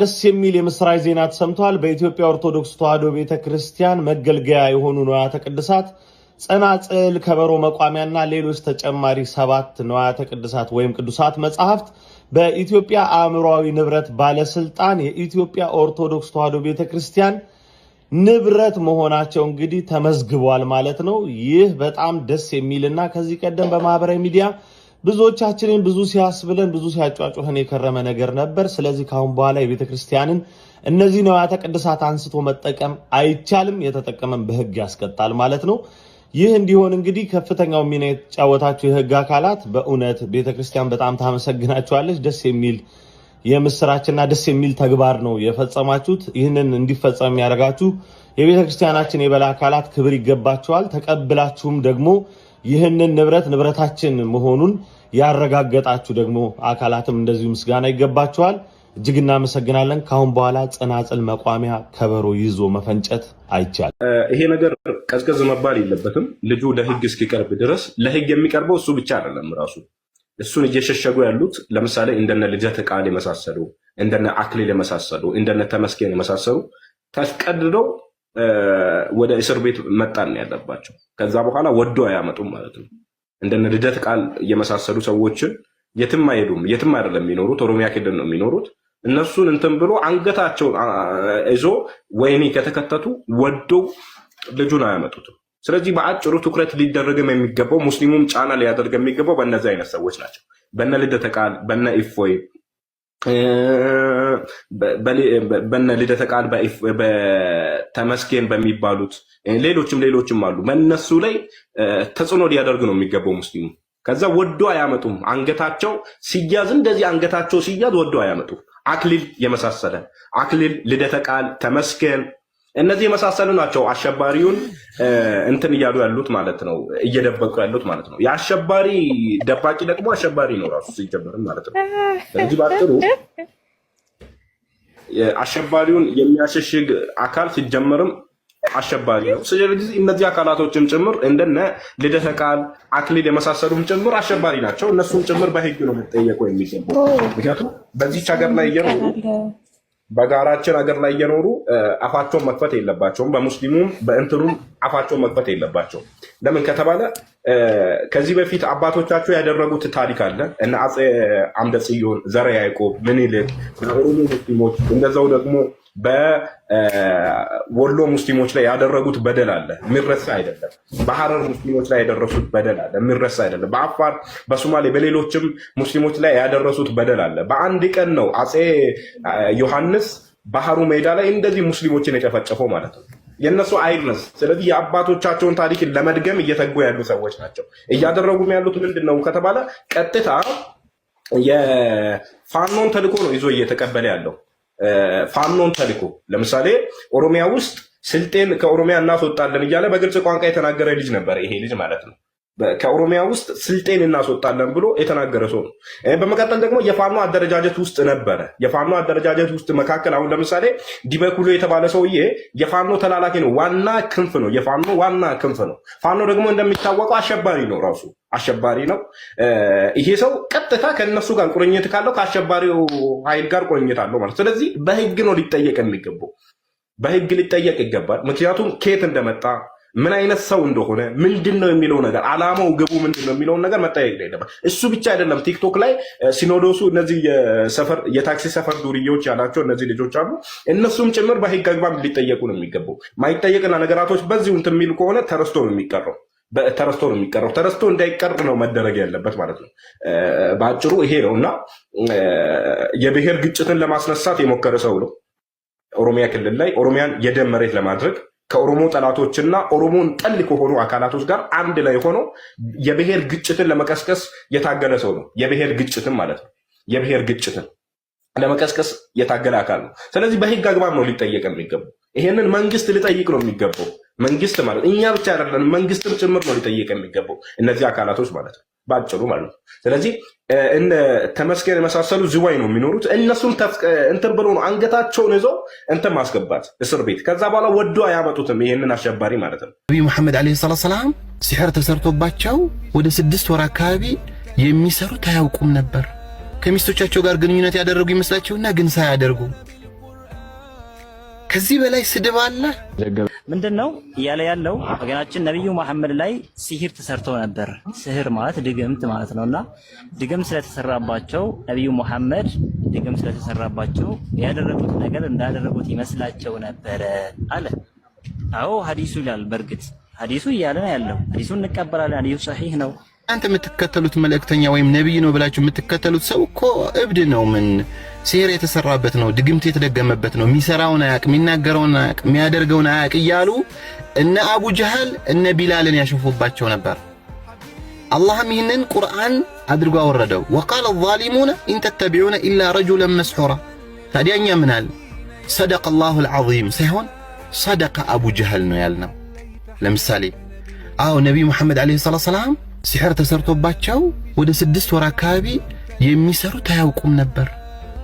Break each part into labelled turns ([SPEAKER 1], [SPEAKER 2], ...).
[SPEAKER 1] ደስ የሚል የምስራች ዜና ተሰምቷል። በኢትዮጵያ ኦርቶዶክስ ተዋሕዶ ቤተ ክርስቲያን መገልገያ የሆኑ ንዋያተ ቅድሳት ጸናጽል፣ ከበሮ፣ መቋሚያና ሌሎች ተጨማሪ ሰባት ንዋያተ ቅድሳት ወይም ቅዱሳት መጽሐፍት በኢትዮጵያ አእምሯዊ ንብረት ባለስልጣን የኢትዮጵያ ኦርቶዶክስ ተዋሕዶ ቤተ ክርስቲያን ንብረት መሆናቸው እንግዲህ ተመዝግቧል ማለት ነው። ይህ በጣም ደስ የሚልና ከዚህ ቀደም በማህበራዊ ሚዲያ ብዙዎቻችንን ብዙ ሲያስብለን ብዙ ሲያጫጩህን የከረመ ነገር ነበር። ስለዚህ ካሁን በኋላ የቤተ ክርስቲያንን እነዚህ ንዋያተ ቅድሳት አንስቶ መጠቀም አይቻልም። የተጠቀመን በህግ ያስቀጣል ማለት ነው። ይህ እንዲሆን እንግዲህ ከፍተኛው ሚና የተጫወታችሁ የህግ አካላት በእውነት ቤተ ክርስቲያን በጣም ታመሰግናችኋለች። ደስ የሚል የምስራችንና ደስ የሚል ተግባር ነው የፈጸማችሁት። ይህንን እንዲፈጸም የሚያደርጋችሁ የቤተ ክርስቲያናችን የበላይ አካላት ክብር ይገባቸዋል። ተቀብላችሁም ደግሞ ይህንን ንብረት ንብረታችን መሆኑን ያረጋገጣችሁ ደግሞ አካላትም እንደዚሁ ምስጋና ይገባችኋል። እጅግ እናመሰግናለን። ከአሁን በኋላ ጽናጽል፣ መቋሚያ፣ ከበሮ ይዞ መፈንጨት አይቻልም።
[SPEAKER 2] ይሄ ነገር ቀዝቀዝ መባል የለበትም። ልጁ ለህግ እስኪቀርብ ድረስ ለህግ የሚቀርበው እሱ ብቻ አይደለም። ራሱ እሱን እየሸሸጉ ያሉት ለምሳሌ እንደነ ልጀት ቃል የመሳሰሉ እንደነ አክሊል የመሳሰሉ እንደነ ተመስገን የመሳሰሉ ተስቀድደው ወደ እስር ቤት መጣን ነው ያለባቸው። ከዛ በኋላ ወዶ አያመጡም ማለት ነው። እንደነ ልደት ቃል የመሳሰሉ ሰዎችን የትም አይሄዱም፣ የትም አይደለም የሚኖሩት፣ ኦሮሚያ ክልል ነው የሚኖሩት። እነሱን እንትን ብሎ አንገታቸውን ይዞ ወይኔ ከተከተቱ ወዶ ልጁን አያመጡትም። ስለዚህ በአጭሩ ትኩረት ሊደረግም የሚገባው ሙስሊሙም ጫና ሊያደርግ የሚገባው በእነዚህ አይነት ሰዎች ናቸው፣ በነ ልደተ ቃል፣ በነ ኢፎይ በነ ልደተ ቃል በተመስገን በሚባሉት ሌሎችም ሌሎችም አሉ። በእነሱ ላይ ተጽዕኖ ሊያደርግ ነው የሚገባው ሙስሊሙ። ከዛ ወዶ አያመጡም። አንገታቸው ሲያዝ እንደዚህ አንገታቸው ሲያዝ ወዶ አያመጡ አክሊል የመሳሰለ አክሊል ልደተ ቃል ተመስገን እነዚህ የመሳሰሉ ናቸው አሸባሪውን እንትን እያሉ ያሉት ማለት ነው፣ እየደበቁ ያሉት ማለት ነው። የአሸባሪ ደባቂ ደግሞ አሸባሪ ነው ራሱ ሲጀመርም ማለት ነው። ስለዚህ ባጭሩ አሸባሪውን የሚያሸሽግ አካል ሲጀመርም አሸባሪ ነው። ስለዚህ እነዚህ አካላቶችም ጭምር እንደነ ልደተ ቃል አክሊል የመሳሰሉም ጭምር አሸባሪ ናቸው። እነሱም ጭምር በህግ ነው መጠየቁ የሚገባው ምክንያቱም በዚች ሀገር ላይ እየኖሩ በጋራችን ሀገር ላይ እየኖሩ አፋቸውን መክፈት የለባቸውም። በሙስሊሙም በእንትኑም አፋቸውን መክፈት የለባቸውም። ለምን ከተባለ ከዚህ በፊት አባቶቻቸው ያደረጉት ታሪክ አለ እነ አፄ አምደ ጽዮን፣ ዘረ ያዕቆብ፣ ምኒልክ፣ ሙስሊሞች እንደዛው ደግሞ በወሎ ሙስሊሞች ላይ ያደረጉት በደል አለ፣ የሚረሳ አይደለም። በሐረር ሙስሊሞች ላይ ያደረሱት በደል አለ፣ የሚረሳ አይደለም። በአፋር፣ በሶማሌ፣ በሌሎችም ሙስሊሞች ላይ ያደረሱት በደል አለ። በአንድ ቀን ነው አፄ ዮሐንስ ባህሩ ሜዳ ላይ እንደዚህ ሙስሊሞችን የጨፈጨፈው ማለት ነው። የእነሱ አይድነስ። ስለዚህ የአባቶቻቸውን ታሪክን ለመድገም እየተጉ ያሉ ሰዎች ናቸው። እያደረጉም ያሉት ምንድን ነው ከተባለ ቀጥታ የፋኖን ተልዕኮ ነው ይዞ እየተቀበለ ያለው ፋኖን ተልኮ ለምሳሌ ኦሮሚያ ውስጥ ስልጤን ከኦሮሚያ እናስወጣለን እያለ በግልጽ ቋንቋ የተናገረ ልጅ ነበር ይሄ ልጅ ማለት ነው። ከኦሮሚያ ውስጥ ስልጤን እናስወጣለን ብሎ የተናገረ ሰው ነው። በመቀጠል ደግሞ የፋኖ አደረጃጀት ውስጥ ነበረ። የፋኖ አደረጃጀት ውስጥ መካከል አሁን ለምሳሌ ዲበኩሎ የተባለ ሰውዬ የፋኖ ተላላኪ ነው። ዋና ክንፍ ነው። የፋኖ ዋና ክንፍ ነው። ፋኖ ደግሞ እንደሚታወቀው አሸባሪ ነው። ራሱ አሸባሪ ነው። ይሄ ሰው ቀጥታ ከእነሱ ጋር ቁርኝት ካለው ከአሸባሪው ኃይል ጋር ቁርኝት አለው ማለት። ስለዚህ በህግ ነው ሊጠየቅ የሚገባው፣ በህግ ሊጠየቅ ይገባል። ምክንያቱም ኬት እንደመጣ ምን አይነት ሰው እንደሆነ ምንድን ነው የሚለው ነገር አላማው፣ ግቡ ምንድን ነው የሚለውን ነገር መጠየቅ ይገባል። እሱ ብቻ አይደለም። ቲክቶክ ላይ ሲኖዶሱ እነዚህ የታክሲ ሰፈር ዱርዬዎች ያላቸው እነዚህ ልጆች አሉ። እነሱም ጭምር በህግ አግባብ ሊጠየቁ ነው የሚገባው። ማይጠየቅና ነገራቶች በዚሁ እንትን የሚሉ ከሆነ ተረስቶ ነው የሚቀረው ተረስቶ ነው የሚቀረው። ተረስቶ እንዳይቀር ነው መደረግ ያለበት ማለት ነው። በአጭሩ ይሄ ነው እና የብሔር ግጭትን ለማስነሳት የሞከረ ሰው ነው ኦሮሚያ ክልል ላይ ኦሮሚያን የደም መሬት ለማድረግ ከኦሮሞ ጠላቶችና ኦሮሞን ጠል ከሆኑ አካላቶች ጋር አንድ ላይ ሆኖ የብሔር ግጭትን ለመቀስቀስ የታገለ ሰው ነው። የብሔር ግጭትን ማለት ነው። የብሔር ግጭትን ለመቀስቀስ የታገለ አካል ነው። ስለዚህ በህግ አግባብ ነው ሊጠየቅ የሚገባው። ይሄንን መንግስት ሊጠይቅ ነው የሚገባው። መንግስት ማለት እኛ ብቻ አይደለም፣ መንግስትም ጭምር ነው ሊጠየቅ የሚገባው እነዚህ አካላቶች ማለት ነው። ባጭሩ ማለት ነው። ስለዚህ እነ ተመስገን የመሳሰሉ ዝዋይ ነው የሚኖሩት። እነሱን እንትን ብሎ ነው አንገታቸውን ይዘው እንትን ማስገባት እስር ቤት። ከዛ በኋላ ወዶ አያመጡትም ይህንን አሸባሪ ማለት ነው።
[SPEAKER 1] ነቢ ሙሐመድ ዓለይሂ ሰላቱ ሰላም ሲሕር ተሰርቶባቸው ወደ ስድስት ወር አካባቢ የሚሰሩት አያውቁም ነበር። ከሚስቶቻቸው ጋር ግንኙነት ያደረጉ ይመስላቸውና ግን ሳያደርጉ ከዚህ በላይ ስድብ አለ። ምንድን ነው እያለ ያለው ወገናችን ነቢዩ መሐመድ ላይ ሲሂር ተሰርቶ ነበር። ስህር ማለት ድግምት ማለት ነው። እና ድግምት ስለተሰራባቸው ነቢዩ መሐመድ ድግምት ስለተሰራባቸው ያደረጉት ነገር እንዳደረጉት ይመስላቸው ነበረ አለ። አዎ ሀዲሱ ይላል። በእርግጥ ሀዲሱ እያለ ነው ያለው። ሀዲሱ እንቀበላለን። ሀዲሱ ሰሒህ ነው። እናንተ የምትከተሉት መልእክተኛ ወይም ነቢይ ነው ብላችሁ የምትከተሉት ሰው እኮ እብድ ነው ምን ሴር የተሰራበት ነው፣ ድግምት የተደገመበት ነው። የሚሰራውን አያቅ፣ የሚናገረውን አያቅ፣ የሚያደርገውን አያቅ እያሉ እነ አቡ ጀሃል እነ ቢላልን ያሸፉባቸው ነበር። አላህም ይህንን ቁርአን አድርጎ አወረደው። ወቃለ ዛሊሙነ ኢንተተቢዑነ ኢላ ረጁለን መስሑራ። ታዲያኛ ምናል ሰደቀ ላሁ ልዓዚም ሳይሆን ሰደቀ አቡ ጀሃል ነው ያልነው። ለምሳሌ አዎ ነቢይ ሙሐመድ ዓለይሂ ሰላቱ ሰላም ሲሕር ተሰርቶባቸው ወደ ስድስት ወር አካባቢ የሚሰሩት አያውቁም ነበር።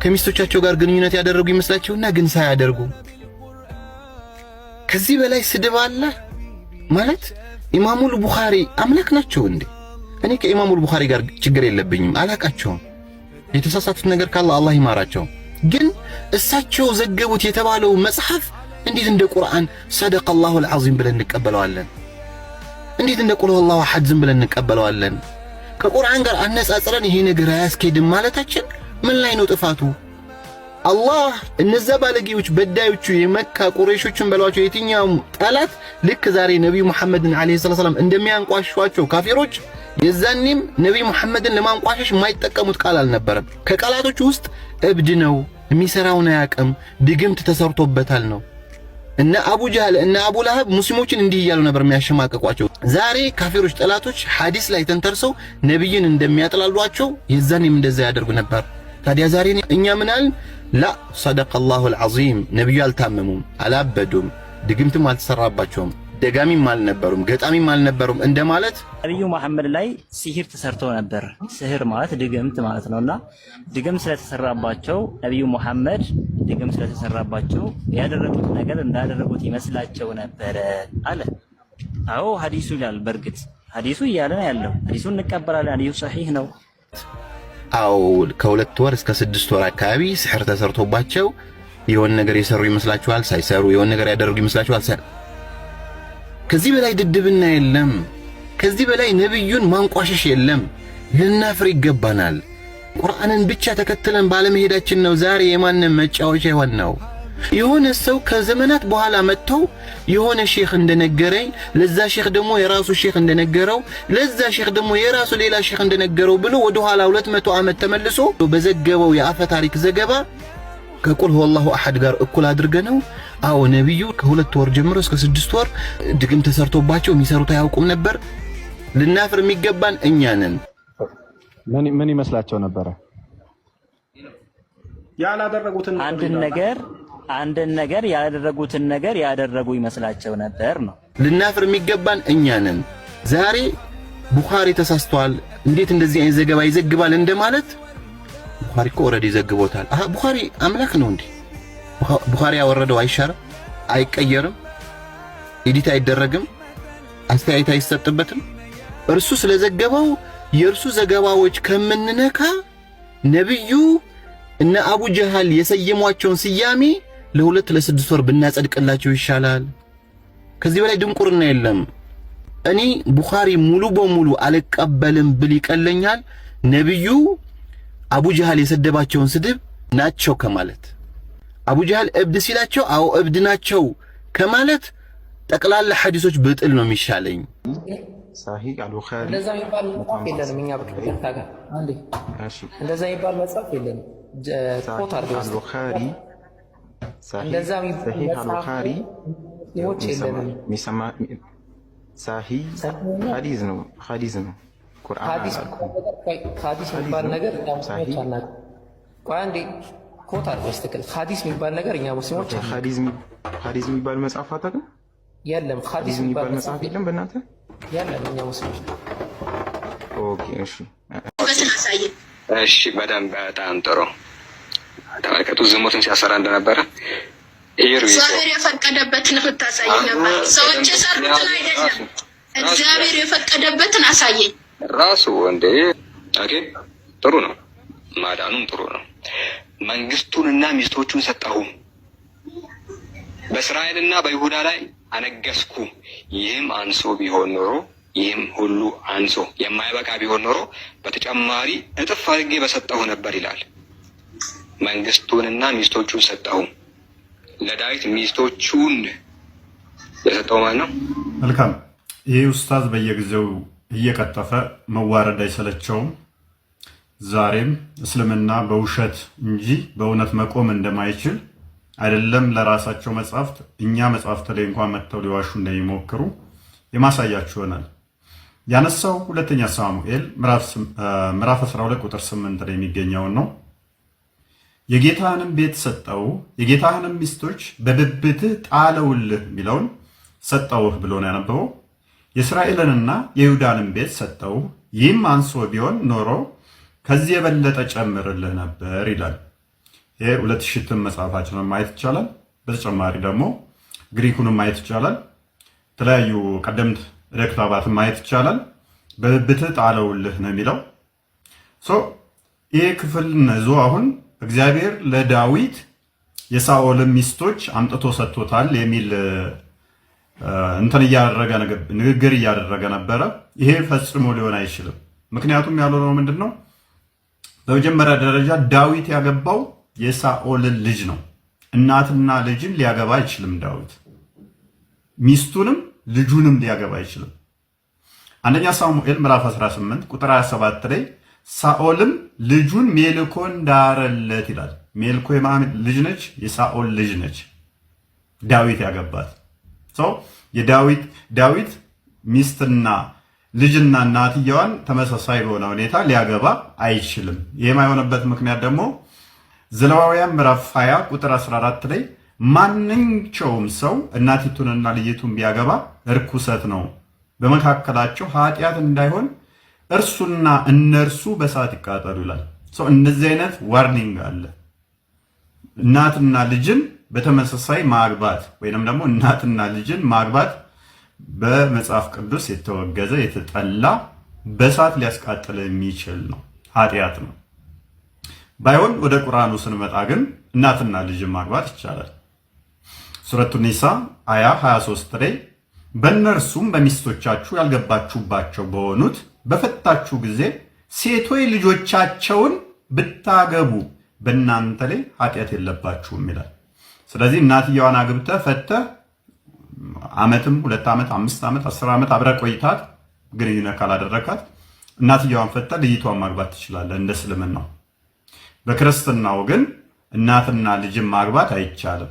[SPEAKER 1] ከሚስቶቻቸው ጋር ግንኙነት ያደረጉ ይመስላቸውና ግን ሳያደርጉ ከዚህ በላይ ስድብ አለ ማለት ኢማሙል ቡኻሪ አምላክ ናቸው እንዴ? እኔ ከኢማሙል ቡኻሪ ጋር ችግር የለብኝም፣ አላቃቸውም። የተሳሳቱት ነገር ካለ አላህ ይማራቸው። ግን እሳቸው ዘገቡት የተባለው መጽሐፍ እንዴት እንደ ቁርአን ሰደቀ አላሁል ዐዚም ብለን እንቀበለዋለን? እንዴት እንደ ቁል ሁወላሁ አሐድ ዝም ብለን እንቀበለዋለን? ከቁርአን ጋር አነጻጽረን ይሄ ነገር አያስኬድም ማለታችን ምን ላይ ነው ጥፋቱ? አላህ እነዛ ባለጌዎች በዳዮቹ የመካ ቁረይሾችን በሏቸው የትኛውም ጠላት ልክ ዛሬ ነቢዩ ሙሐመድን ዓለይሂ ሰላም እንደሚያንቋሽሿቸው ካፊሮች የዛኔም ነቢይ ሙሐመድን ለማንቋሸሽ የማይጠቀሙት ቃል አልነበረም። ከቃላቶች ውስጥ እብድ ነው፣ የሚሰራውን አያቅም፣ ድግምት ተሰርቶበታል ነው። እነ አቡ ጃህል እነ አቡ ለሀብ ሙስሊሞችን እንዲህ እያሉ ነበር የሚያሸማቀቋቸው። ዛሬ ካፊሮች ጠላቶች ሐዲስ ላይ ተንተርሰው ነቢይን እንደሚያጥላሏቸው የዛኔም እንደዛ ያደርጉ ነበር። ታዲያ ዛሬ እኛ ምናል ላ ሰደቀ ላሁ ልዓዚም ነቢዩ አልታመሙም፣ አላበዱም፣ ድግምትም አልተሰራባቸውም፣ ደጋሚም አልነበሩም፣ ገጣሚም አልነበሩም እንደማለት ነቢዩ መሐመድ ላይ ሲሂር ተሰርቶ ነበር። ስህር ማለት ድግምት ማለት ነው እና ድግም ስለተሰራባቸው ነቢዩ መሐመድ ድግም ስለተሰራባቸው ያደረጉት ነገር እንዳደረጉት ይመስላቸው ነበረ አለ። አዎ ሀዲሱ ይላል። በእርግጥ ሀዲሱ እያለ ነው ያለው። ሀዲሱ እንቀበላለን። ሀዲሱ ሰሒህ ነው። አዎ ከሁለት ወር እስከ ስድስት ወር አካባቢ ስሕር ተሰርቶባቸው የሆን ነገር የሰሩ ይመስላችኋል? ሳይሰሩ የሆን ነገር ያደረጉ ይመስላችኋል? ሳይ ከዚህ በላይ ድድብና የለም። ከዚህ በላይ ነብዩን ማንቋሸሽ የለም። ልናፍር ይገባናል። ቁርአንን ብቻ ተከትለን ባለመሄዳችን ነው ዛሬ የማንም መጫወቻ የሆን ነው። የሆነ ሰው ከዘመናት በኋላ መጥቶ የሆነ ሼክ እንደነገረኝ ለዛ ሼክ ደግሞ የራሱ ሼክ እንደነገረው ለዛ ሼክ ደግሞ የራሱ ሌላ ሼክ እንደነገረው ብሎ ወደ ኋላ 200 ዓመት ተመልሶ በዘገበው የአፈ ታሪክ ዘገባ ከቁል ወላሁ አሐድ ጋር እኩል አድርገ ነው። አዎ ነቢዩ ከሁለት ወር ጀምሮ እስከ ስድስት ወር ድግም ተሰርቶባቸው የሚሰሩት አያውቁም ነበር። ልናፍር የሚገባን እኛ ነን።
[SPEAKER 3] ምን ይመስላቸው ነበረ ያላደረጉትን
[SPEAKER 4] አንድን ነገር አንድን ነገር ያደረጉትን ነገር ያደረጉ ይመስላቸው ነበር ነው።
[SPEAKER 1] ልናፍር የሚገባን እኛ ነን። ዛሬ ቡኻሪ ተሳስቷል እንዴት እንደዚህ አይነት ዘገባ ይዘግባል እንደማለት ቡኻሪ እኮ ኦልሬዲ ዘግቦታል። አሃ ቡኻሪ አምላክ ነው እንዴ? ቡኻሪ ያወረደው አይሻርም፣ አይቀየርም፣ ኤዲት አይደረግም፣ አስተያየት አይሰጥበትም። እርሱ ስለዘገበው የእርሱ ዘገባዎች ከምንነካ ነብዩ እነ አቡ ጀሃል የሰየሟቸውን ስያሜ ለሁለት ለስድስት ወር ብናጸድቅላቸው ይሻላል። ከዚህ በላይ ድንቁርና የለም። እኔ ቡኻሪ ሙሉ በሙሉ አልቀበልም ብል ይቀለኛል ነቢዩ አቡ ጀሃል የሰደባቸውን ስድብ ናቸው ከማለት አቡ ጀሃል እብድ ሲላቸው አዎ እብድ ናቸው ከማለት ጠቅላላ ሐዲሶች ብጥል ነው የሚሻለኝ።
[SPEAKER 4] እንደዛ የሚባል መጽሐፍ የለንም
[SPEAKER 3] ሀዲዝ ነው ሀዲዝ ነው።
[SPEAKER 4] ሀዲስ የሚባል ነገር ኮት አድርገሽ ትክክል። ሀዲስ የሚባል ነገር እኛ ሙስሊሞች
[SPEAKER 3] ሀዲስ የሚባል መጽሐፍ አታውቅም?
[SPEAKER 4] የለም። ሀዲስ የሚባል መጽሐፍ የለም በእናትህ? የለም። እኛ ሙስሊሞች
[SPEAKER 3] ኦኬ። እሺ፣
[SPEAKER 5] እሺ። በደንብ በጣም ጥሩ ተመልከቱ፣ ዝሙትን ሲያሰራ እንደነበረ እግዚአብሔር
[SPEAKER 6] የፈቀደበትን የምታሳይ ነበር። ሰዎች የሰሩትን አይደለም፣ እግዚአብሔር የፈቀደበትን አሳየኝ።
[SPEAKER 5] ራሱ እንዴ ጥሩ ነው፣ ማዳኑም ጥሩ ነው። መንግስቱንና ሚስቶቹን ሰጠሁ፣ በእስራኤልና በይሁዳ ላይ አነገስኩ። ይህም አንሶ ቢሆን ኖሮ ይህም ሁሉ አንሶ የማይበቃ ቢሆን ኖሮ በተጨማሪ እጥፍ አድርጌ በሰጠሁ ነበር ይላል። መንግስቱንና ሚስቶቹን ሰጠው። ለዳዊት ሚስቶቹን የሰጠው ማን ነው?
[SPEAKER 7] መልካም። ይህ ኡስታዝ በየጊዜው እየቀጠፈ መዋረድ አይሰለቸውም። ዛሬም እስልምና በውሸት እንጂ በእውነት መቆም እንደማይችል አይደለም ለራሳቸው መጽሐፍት እኛ መጽሐፍት ላይ እንኳን መጥተው ሊዋሹ እንደሚሞክሩ የማሳያችሁ ይሆናል። ያነሳው ሁለተኛ ሳሙኤል ምዕራፍ 12 ቁጥር 8 ላይ የሚገኘውን ነው። የጌታህንም ቤት ሰጠው፣ የጌታህንም ሚስቶች በብብትህ ጣለውልህ የሚለውን ሰጠውህ ብሎ ነው ያነበበው። የእስራኤልንና የይሁዳንም ቤት ሰጠው፣ ይህም አንሶ ቢሆን ኖሮ ከዚህ የበለጠ ጨምርልህ ነበር ይላል። ይህ ሁለት ሽትም መጽሐፋችንን ማየት ይቻላል። በተጨማሪ ደግሞ ግሪኩንም ማየት ይቻላል። የተለያዩ ቀደምት ዕደ ክታባትን ማየት ይቻላል። በብብትህ ጣለውልህ ነው የሚለው ይህ ክፍል ነዞ አሁን እግዚአብሔር ለዳዊት የሳኦልን ሚስቶች አምጥቶ ሰጥቶታል የሚል እንትን እያደረገ ንግግር እያደረገ ነበረ። ይሄ ፈጽሞ ሊሆን አይችልም። ምክንያቱም ያልሆነው ምንድን ነው? በመጀመሪያ ደረጃ ዳዊት ያገባው የሳኦልን ልጅ ነው። እናትና ልጅን ሊያገባ አይችልም። ዳዊት ሚስቱንም ልጁንም ሊያገባ አይችልም። አንደኛ ሳሙኤል ምዕራፍ 18 ቁጥር 27 ላይ ሳኦልም ልጁን ሜልኮን ዳረለት ይላል። ሜልኮ የማህመድ ልጅ ነች፣ የሳኦል ልጅ ነች። ዳዊት ያገባት ሰው የዳዊት ዳዊት ሚስትና ልጅና እናትየዋን ተመሳሳይ በሆነ ሁኔታ ሊያገባ አይችልም። ይህም የሆነበት ምክንያት ደግሞ ዘለዋውያን ምዕራፍ 20 ቁጥር 14 ላይ ማንኛውም ሰው እናቲቱንና ልጅቱን ቢያገባ እርኩሰት ነው፣ በመካከላቸው ኃጢአት እንዳይሆን እርሱና እነርሱ በእሳት ይቃጠሉ ይላል። እንደዚህ አይነት ዋርኒንግ አለ። እናትና ልጅን በተመሳሳይ ማግባት ወይም ደግሞ እናትና ልጅን ማግባት በመጽሐፍ ቅዱስ የተወገዘ የተጠላ በእሳት ሊያስቃጥል የሚችል ነው፣ ኃጢአት ነው። ባይሆን ወደ ቁርአኑ ስንመጣ ግን እናትና ልጅን ማግባት ይቻላል። ሱረቱ ኒሳ አያ 23 ላይ በእነርሱም በሚስቶቻችሁ ያልገባችሁባቸው በሆኑት በፈታችሁ ጊዜ ሴቶች ልጆቻቸውን ብታገቡ በእናንተ ላይ ኃጢአት የለባችሁም ይላል። ስለዚህ እናትየዋን አግብተህ ፈተህ ዓመትም ሁለት ዓመት አምስት ዓመት አስር ዓመት አብረህ ቆይታት ግንኙነት ካላደረካት እናትየዋን ፈተህ ልጅቷን ማግባት ትችላለህ እንደ እስልምናው። በክርስትናው ግን እናትና ልጅን ማግባት አይቻልም።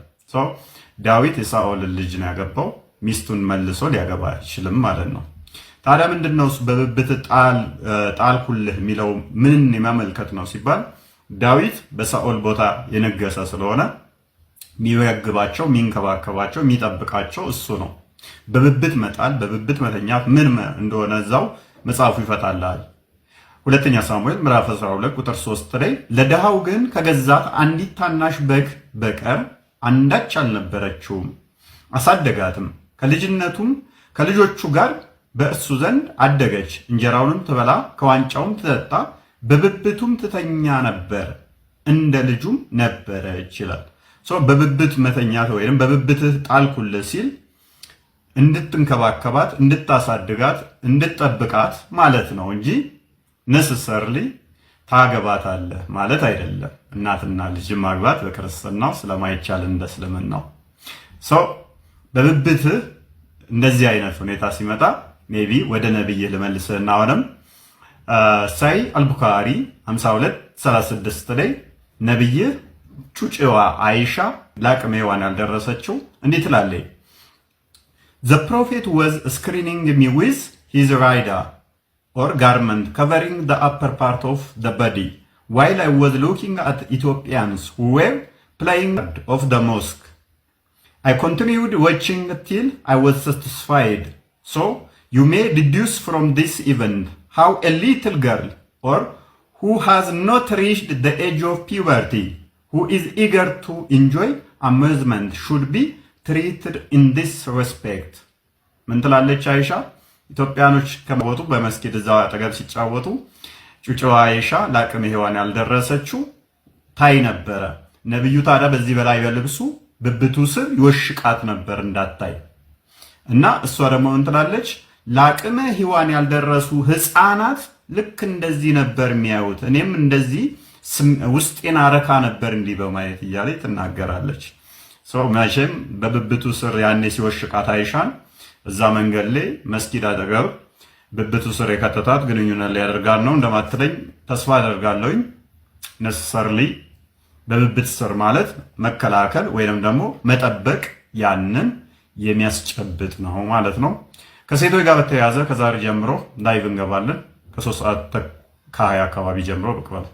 [SPEAKER 7] ዳዊት የሳኦልን ልጅ ነው ያገባው። ሚስቱን መልሶ ሊያገባ አይችልም ማለት ነው። ታዲያ ምንድን ነው በብብት ጣልኩልህ የሚለው ምንን የሚያመልከት ነው ሲባል ዳዊት በሳኦል ቦታ የነገሰ ስለሆነ የሚመግባቸው የሚንከባከባቸው፣ የሚጠብቃቸው እሱ ነው። በብብት መጣል፣ በብብት መተኛት ምን እንደሆነ እዛው መጽሐፉ ይፈታልሃል። ሁለተኛ ሳሙኤል ምዕራፍ 12 ቁጥር 3 ላይ ለድሃው ግን ከገዛት አንዲት ታናሽ በግ በቀር አንዳች አልነበረችውም፣ አሳደጋትም ከልጅነቱም ከልጆቹ ጋር በእርሱ ዘንድ አደገች። እንጀራውንም ትበላ ከዋንጫውም ትጠጣ፣ በብብቱም ትተኛ ነበር፣ እንደ ልጁም ነበረች ይላል። በብብት መተኛት ወይም በብብትህ ጣልኩልህ ሲል እንድትንከባከባት፣ እንድታሳድጋት፣ እንድትጠብቃት ማለት ነው እንጂ ነስሰርሊ ታገባታለህ ማለት አይደለም። እናትና ልጅ ማግባት በክርስትናው ስለማይቻል እንደ እስልምናው ሰው በብብትህ እንደዚህ አይነት ሁኔታ ሲመጣ ሜቢ ወደ ነብይህ ልመልስህና አሁንም ሳይ አልቡካሪ 5236 ላይ ነብይህ ጩጭዋ አይሻ ለአቅመ ሔዋን ያልደረሰችው እንዲህ ትላለች። ዘ ፕሮፌት ወዝ ስክሪኒንግ ሚ ዊዝ ሂዝ ራይዳ ኦር ጋርመንት ከቨሪንግ ዘ አፐር ፓርት ኦፍ ዘ በዲ ዋይል አይ ወዝ ሉኪንግ አት ኢትዮጵያንስ ሁ ዌር ፕላይንግ ኦፍ ዘ ሞስክ አይ ኮንቲኒውድ ዋቺንግ ቲል አይ ወዝ ሳቲስፋይድ ሶ you may deduce from this even how a little girl or who has not reached the age of puberty who is eager to enjoy amusement should be treated in this respect ምን ትላለች አይሻ ኢትዮጵያኖች ከመወጡ በመስጊድ እዛው አጠገብ ሲጫወቱ ጩጭዋ አይሻ ለአቅመ ሔዋን ያልደረሰችው ታይ ነበረ። ነብዩ ታዲያ በዚህ በላይ በልብሱ ብብቱ ስር ይወሽቃት ነበር እንዳታይ እና እሷ ደግሞ ምን ትላለች ለአቅመ ሔዋን ያልደረሱ ህፃናት ልክ እንደዚህ ነበር የሚያዩት። እኔም እንደዚህ ውስጤን አረካ ነበር እንዲህ በማየት እያለ ትናገራለች። ሰው መቼም በብብቱ ስር ያኔ ሲወሽቃት አይሻን እዛ መንገድ ላይ መስጊድ አጠገብ ብብቱ ስር የከተታት ግንኙነት ሊያደርጋት ነው እንደማትለኝ ተስፋ አደርጋለሁኝ። ነስሰርሊ በብብት ስር ማለት መከላከል ወይንም ደግሞ መጠበቅ ያንን የሚያስጨብጥ ነው ማለት ነው። ከሴቶች ጋር በተያያዘ ከዛሬ ጀምሮ ላይቭ እንገባለን ከሶስት ሰዓት ከሀያ አካባቢ ጀምሮ ብቅ